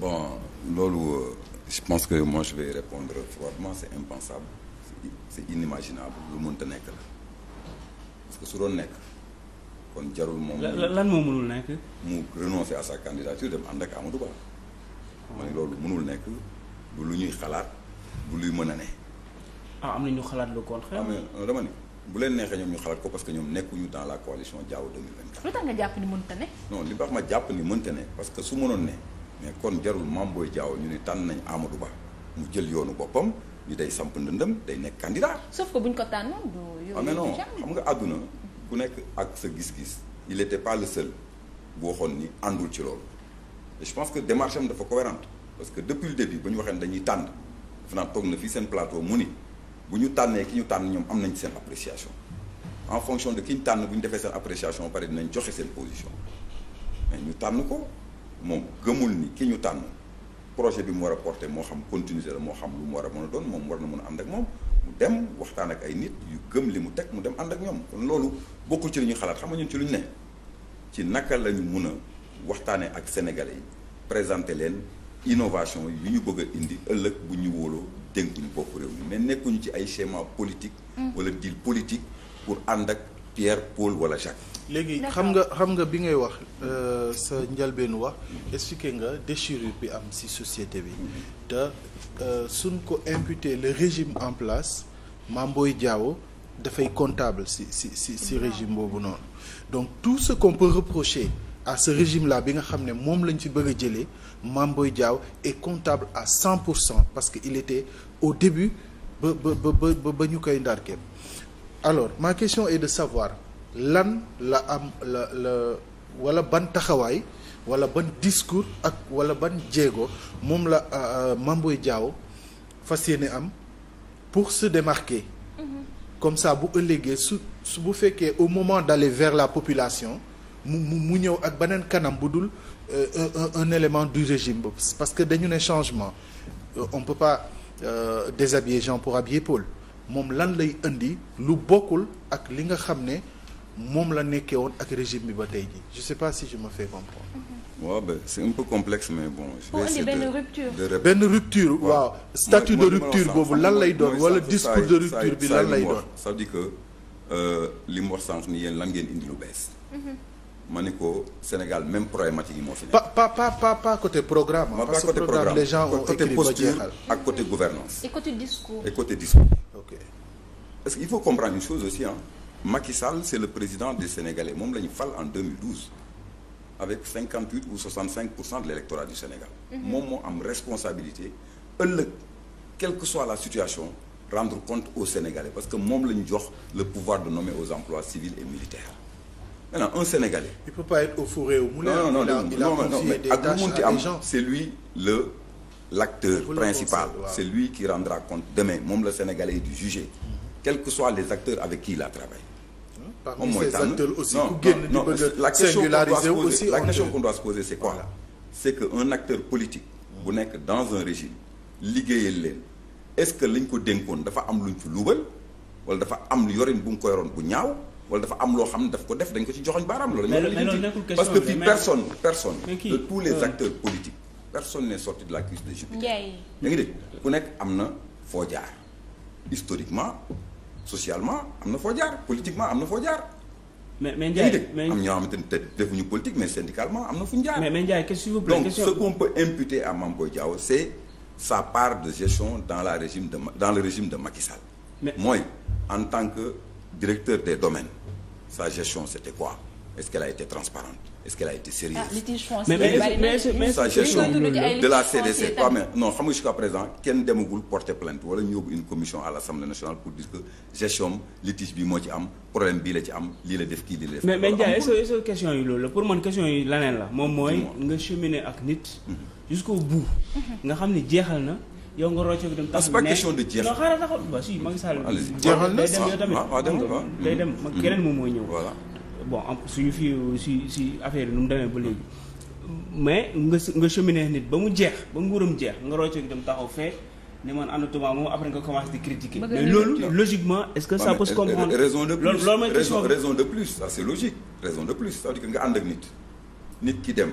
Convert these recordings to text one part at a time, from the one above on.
bon loolu je pense que moi je vais répondre froidement c'est impensable c'est inimaginable lu mënta nekk la parce que su doon nekk kon jarul moom. lan moo mënul nekk. mu renoncer à sa candidature dem ànd ak Amadou Ba. ma ne loolu mënul nekk du lu ñuy xalaat du luy mën a ne. ah am na ñu xalaat le contraire. ah euh, dama ne bu leen neexee ñoom ñu xalaat ko parce que ñoom nekkuñu dans la coalition Diao 2024. lu tax nga jàpp ni mënta ne. non li tax parce que su mënoon ne. mais kon jarul Mame Boye Diao ñu ni tànn nañ Amadou Ba mu jël yoonu boppam ñu day samp ndëndëm day nekk candidat. sauf bu ñu ko tànn du. yow ah, non xam nga àdduna ku nekk ak sa gis-gis. il était pas le seul bu waxoon ni àndul ci loolu je pense que démarche am dafa cohérente parce que depuis le début ñu waxee dañuy tànn daf naa toog na fii seen plateau mu ni bu ñu tànnee ki ñu tànn ñoom am nañ seen apréciation en fonction de ki ñu tànn bu ñu defee seen appréciation pare dinañ joxe seen position mais ñu tànn ko. moom gëmul ni ki ñu tànn projet bi mu war a porter moo xam continuité la moo xam lu mu war a mën a doon moom war na mën a ànd ak moom mu dem waxtaan ak ay nit yu gëm li mu teg mu dem ànd ak ñoom kon loolu bokkul ci li ñu xalaat xam nga ci lu ñu ne ci naka la ñu mun a waxtaanee ak sénégal yi présenter leen innovation yi ñu bëgg indi ëllëg bu ñu wóoloo dénkuñu bokk réew mi mais nekkuñu ci ay schéma politique. Mm. wala deal politique pour ànd ak. Pierre Paul wala Jacques. léegi xam nga xam nga bi ngay wax euh, sa njëlbeenu wax expliqué nga déchirure bi am si société bi te euh, suñ ko imputer le régime en place Mame Boye Diao dafay comptable si ci ci ci régime boobu noonu donc tout ce qu'on peut reprocher à ce régime là bi nga xam ne moom lañ fi bëgg a jëlee Mame Boye Diao est comptable à cent pour cent parce que il était au début ba ba ba ba ñu koy ndarkeem alors ma question est de savoir lan la am la la wala ban taxawaay wala ban discours ak wala ban jéego moom la euh, euh, Mame Boye Diao fas yéene am pour se démarquer mm comme ça bu ëllëgee su su bu fekkee au moment d'aller vers la population mu mu ñëw ak beneen kanam bu dul euh, un élément du régime boobu parce que dañu ne changement on peut pas euh, déshabiller Jean pour habiller Paul moom lan lay indi lu bokkul ak li nga xam ne moom la nekkee woon ak régime bi ba tey ji je sais pas si je me fais comprendre. waaw c'est un peu complexe mais bon. je vais benn rupture. benn rupture waaw statut de rupture boobu lan lay doon wala discours de rupture bi lan lay doon. ça veut que li mu wax sànq ni yéen lan ngeen indi lu bees. Mhm. ma ne ko Sénégal même problématique yi moo fi nekk. pas pas pas pas côté programme. parce que programme les gens ont écrit ak côté gouvernance et côté discours et côté discours. parce que il faut comprendre une chose aussi ah le président des moom la ñu fal en 2012 avec 58 ou 65 pour cent de l'électorat du Sénégal mhm. moom moo am responsabilité ëllëg quelle soit la situation rendre compte aux Sénégalais parce que moom la ñu jox le pouvoir de nommer aux emplois civils et militaires maintenant un Sénégalais. il peut pas être au fourré au moulin. non non non il a, non mais ak lu munti am c'est lui le l'acteur moom la Sénégalais yi di quels que soient les acteurs avec qui il a travaillé. moom mooy tànn aussi non non non la question qu'on doit se poser la question qu'on doit se c'est quoi c'est que un acteur politique. bu nekk dans un régime. liggéeyal leen est-ce que lañ ko dénkoon dafa am luñ fi luubal wala dafa am yorin bu mu ko yoroon bu ñaaw wala dafa am loo xam ne daf ko def dañ ko ci joxoñ baaraam loolu. mais parce que fii personne personne. de tous les euh. acteurs politiques personne n'est sorti de am na foo jaar historiquement. socialement am na foo jaar politiquement am na foo jaar. mais mais Ndiaye mais am ñoo xamante ne defuñu politique mais syndicalement am na fu ñu jaar. mais mais Ndiaye qu'est-ce s'il donc ce qu'on peut imputer à Mame Boye Diao c'est sa part de gestion dans la régime de dans le régime de Macky Sall. mooy en tant que directeur des domaines sa gestion c'était quoi est-ce qu'elle a été transparente. est-ce qu'elle a été sérieuse ah litige foncier sa gestion de la CDC toi même non xam nga jusqu'à présent kenn demagul porter plainte wala ñu yóbbu une commission à l'Assemblée nationale pour dire que gestion litige bi moo ci am problème bii la ci am lii la def kii lii la def mais mais Ndiaye est-ce que question yi loolu la pour man question yi leneen la moom mooy nga cheminer ak nit mhm. jusqu'au bout mhm. nga xam ne jeexal na yow nga rocce dem taxaw ah, na dem yow tamit ah, ah, mhm. day dem bon suñu fi si si affaire yi nu mu demee ba léegi mais nga nga cheminer nit ba mu jeex ba nguuram jeex nga rocce dem taxaw fee ni man àndatuma moom après nga commencé di critiquer mais loolu logiquement est-ce que ça peut se comprendre raison de plus loolu raison de plus raison de plus cest à que nga ànd ak nit nit ki dem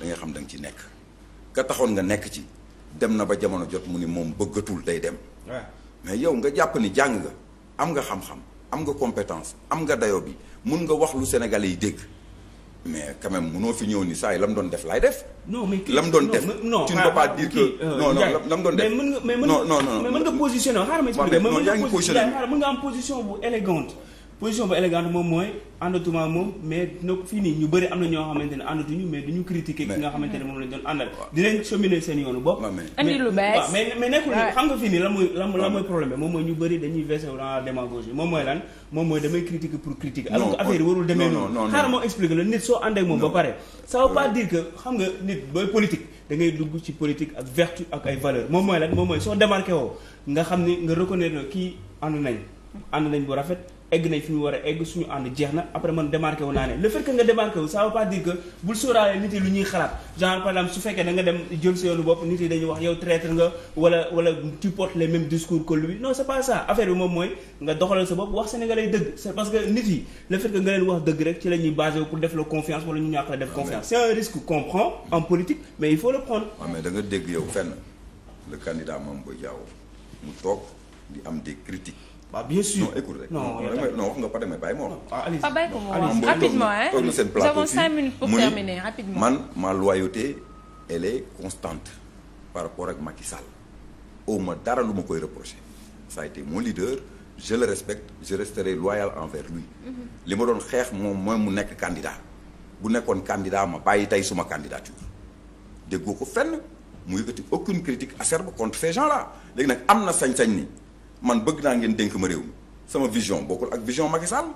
da xam da nga ci nekk ka taxoon nga nekk ci dem na ba jamono jot mu ni moom bëggatul day dem. mais yow nga jàpp ni jàng am nga xam-xam am nga compétence am nga dayo bi mun nga wax lu Sénégalais yi dégg. mais quand munoo fi ñëw ni saa yi la mu doon def laay def. non mais la mu doon def tu ne peux ah, pas dire que euh, non non la mu doon def. mais mën nga mais mën nga positionné xaaral ma expliqué. mën nga positionné mën nga am position bu élégante. position ba élégante moom mooy àndatuma moom mais na fii nii ñu bëri am na ñoo xamante ne àndatuñu mais duñu critiquer ki nga xamante ne moom lañ doon àndal dinañ cheminer seen yoonu bopp andi lu bees mais mais nekkul nga mooy la la mooy problème bi moom mooy ñu bëri dañuy verser dans xam nga nit booy politique da ngay dugg ci politique ak vertu ak ay valeur moom mooy moom mooy soo démarqué woo nga xam ni nga reconnaître kii ànd nañ ànd nañ bu rafet egg nañ fi ñu war a egg suñu ànd jeex na après man démarqué wu naa ne le fait que nga démarqué wu pas dire que bul sóoraale nit yi lu ñuy xalaat genre par exemple su fekkee da nga dem jël sa yoonu bopp nit yi dañuy wax yow traître nga wala wala tu portes les mêmes discours que lui non c'est pas ça affaire bi moom mooy nga doxalal sa bopp wax sénégalais dëgg parce que nit yi le fait nga leen wax dëgg rek ci la ñuy basé wu pour def la confiance wala ñu ñàkk la def confiance c'est da nga dégg yow fenn le candidat Mame am des waaw bien sûr non écoute rek. non non wax nga Pape damay bàyyi ma wax. ah Aliou Pape moom rapidement hein nous avons cinq ma par rapport ak Macky Sall au ma dara lu ma koy reprocher ça a été mon leader je le respecte je resterai loyal envers lui. Mm-hmm. li ma doon xeex moom mooy mu nekk candidat bu nekkoon candidat ma bàyyi tey suma candidature déggoo ko fenn mu yëkkati aucune critique acerbe contre ces gens là léegi nag am na sañ-sañ ni. man bëgg naa ngeen dénk ma réew mi sama vision bokkul ak vision Macky Sall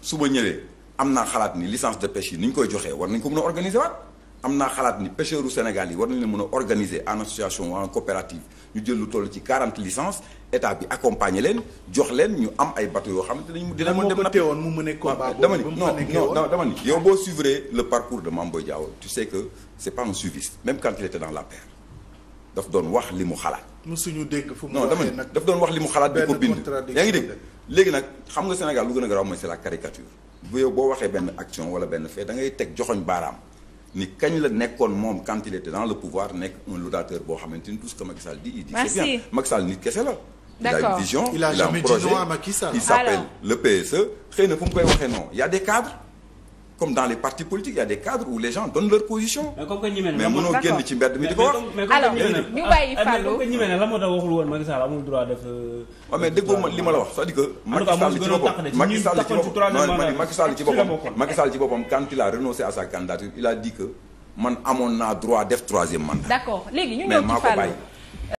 su ma ñëwee am naa xalaat ni licence de pêche yi ni ñu koy joxee war nañ ko mën a organiser waat am naa xalaat ni pêcheurs u Sénégal yi war nañ leen mën a organiser en association ou en coopérative ñu jël lu toll ci 40 licences état bi accompagner leen jox leen ñu am ay bateaux yoo xamante ne dina mën dem na teewoon mu mën a combat ah, dama ni non non dama ni yow boo suivre le parcours de Mame Boye tu sais que c'est la daf doon wax li mu xalaat musuñu dégg fu mu non dama nag daf doon wax li mu xalaat bi ko bind yaa ngi dégg léegi nag xam nga Sénégal lu gën a garaaw mooy c'est caricature boo waxee benn action wala benn fait da ngay teg joxoñ baaraam ni kañ la nekkoon moom quand il était dans le pouvoir nekk un laudateur boo xamante ni tout ce que Macky Sall dit il dit c'est nit kese la il a une vision il a un projet il s'appelle le PSE xëy na fu mu koy waxee non y a comme dans les partis politiques il a des cadres où les gens donnent leur position. mais comme que ci mbedd mi di ko wax. alors ñu bàyyi ah, euh, li ma wax cest à que. Macky Sall ci ci boppam Macky ci boppam quand il a renoncé à sa candidature il a dit que man amoon naa droit def troisième mandat. d'accord léegi ñu ñëw ci